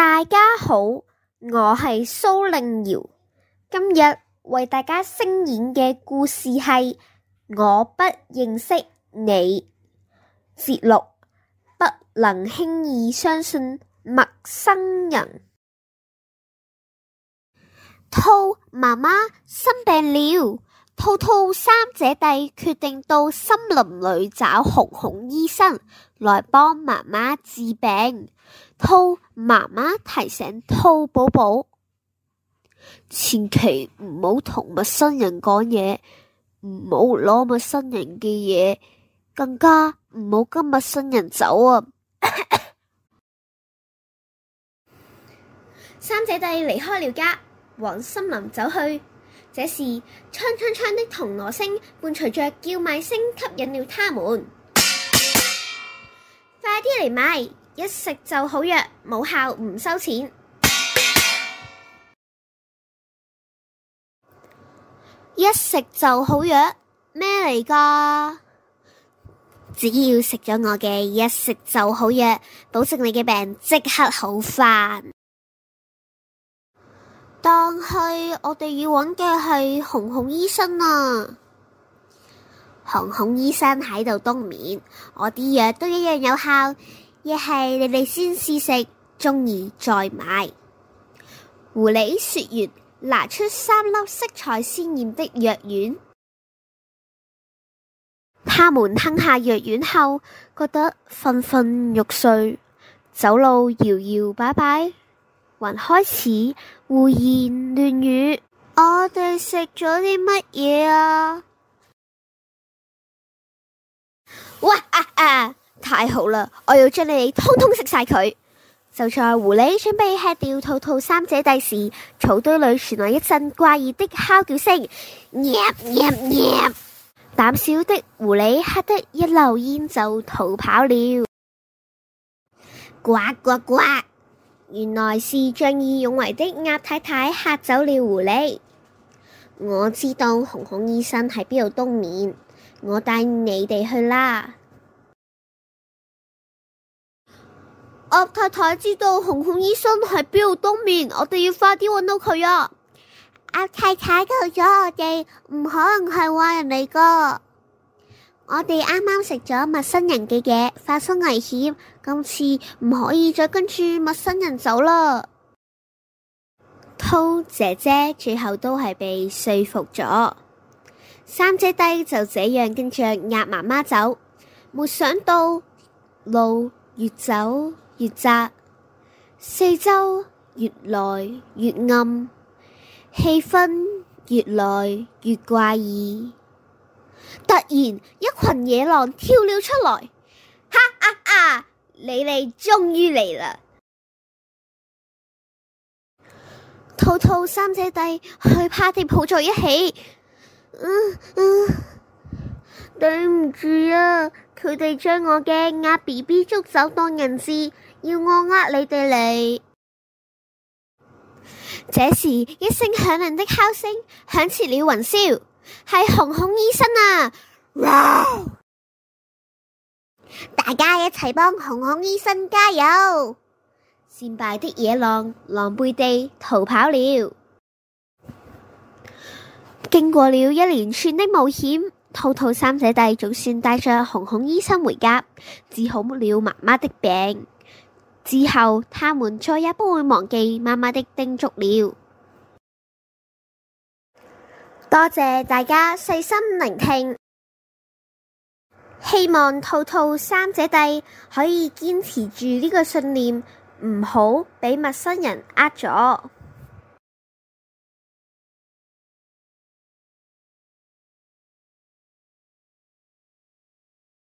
大家好，我係蘇令堯，今日為大家聲演嘅故事係我不認識你。節錄不能輕易相信陌生人。兔媽媽生病了。兔兔三姐弟決定到森林裏找熊熊醫生來幫媽媽治病。兔媽媽提醒兔寶寶：千祈唔好同陌生人講嘢，唔好攞陌生人嘅嘢，更加唔好跟陌生人走啊！ 三姐弟離開了家，往森林走去。這時，鏘鏘鏘的銅鑼聲伴隨着叫賣聲吸引了他們。 快啲嚟買，一食就好藥，冇效唔收錢。 一食就好藥，咩嚟㗎？只要食咗我嘅一食就好藥，保證你嘅病即刻好返。但係，我哋要揾嘅係紅紅醫生啊！紅紅醫生喺度冬眠，我啲藥都一樣有效，亦係你哋先試食，中意再買。狐狸說完，拿出三粒色彩鮮艷的藥丸。他們吞下藥丸後，覺得昏昏欲睡，走路搖搖擺擺。還開始胡言亂語。我哋食咗啲乜嘢啊？哇啊啊！太好啦！我要將你哋通通食晒佢。就在狐狸準備吃掉兔兔三姐弟時，草堆裏傳來一陣怪異的嚎叫聲，咩咩咩！膽、嗯嗯、小的狐狸嚇得一溜煙就逃跑了。呱呱呱！原來是仗義勇為的鴨太太嚇走了狐狸。我知道紅紅醫生喺邊度冬眠，我帶你哋去啦。鴨太太知道紅紅醫生喺邊度冬眠，我哋要快啲揾到佢啊！鴨太太救咗我哋，唔可能係壞人嚟噶。我哋啱啱食咗陌生人嘅嘢，發生危險，今次唔可以再跟住陌生人走啦。濤姐姐最後都係被說服咗，三姐弟就這樣跟着鴨媽媽走。沒想到路越走越窄，四周越來越暗，氣氛越來越怪異。突然，一群野狼跳了出來！哈啊啊！你哋終於嚟啦！兔兔三姐弟害怕地抱在一起。嗯、呃、嗯、呃，對唔住啊，佢哋將我嘅鴨 B B 捉走當人質，要我呃你哋嚟。這時一聲響亮的敲聲響徹了雲霄，係紅紅醫生啊！哇大家一齊幫紅紅醫生加油！戰敗的野狼狼狽地逃跑了。經過了一連串的冒險，兔兔三姐弟總算帶着紅紅醫生回家，治好了媽媽的病。之後，他們再也不會忘記媽媽的叮囑了。多謝大家細心聆聽，希望兔兔三姐弟可以堅持住呢個信念，唔好俾陌生人呃咗。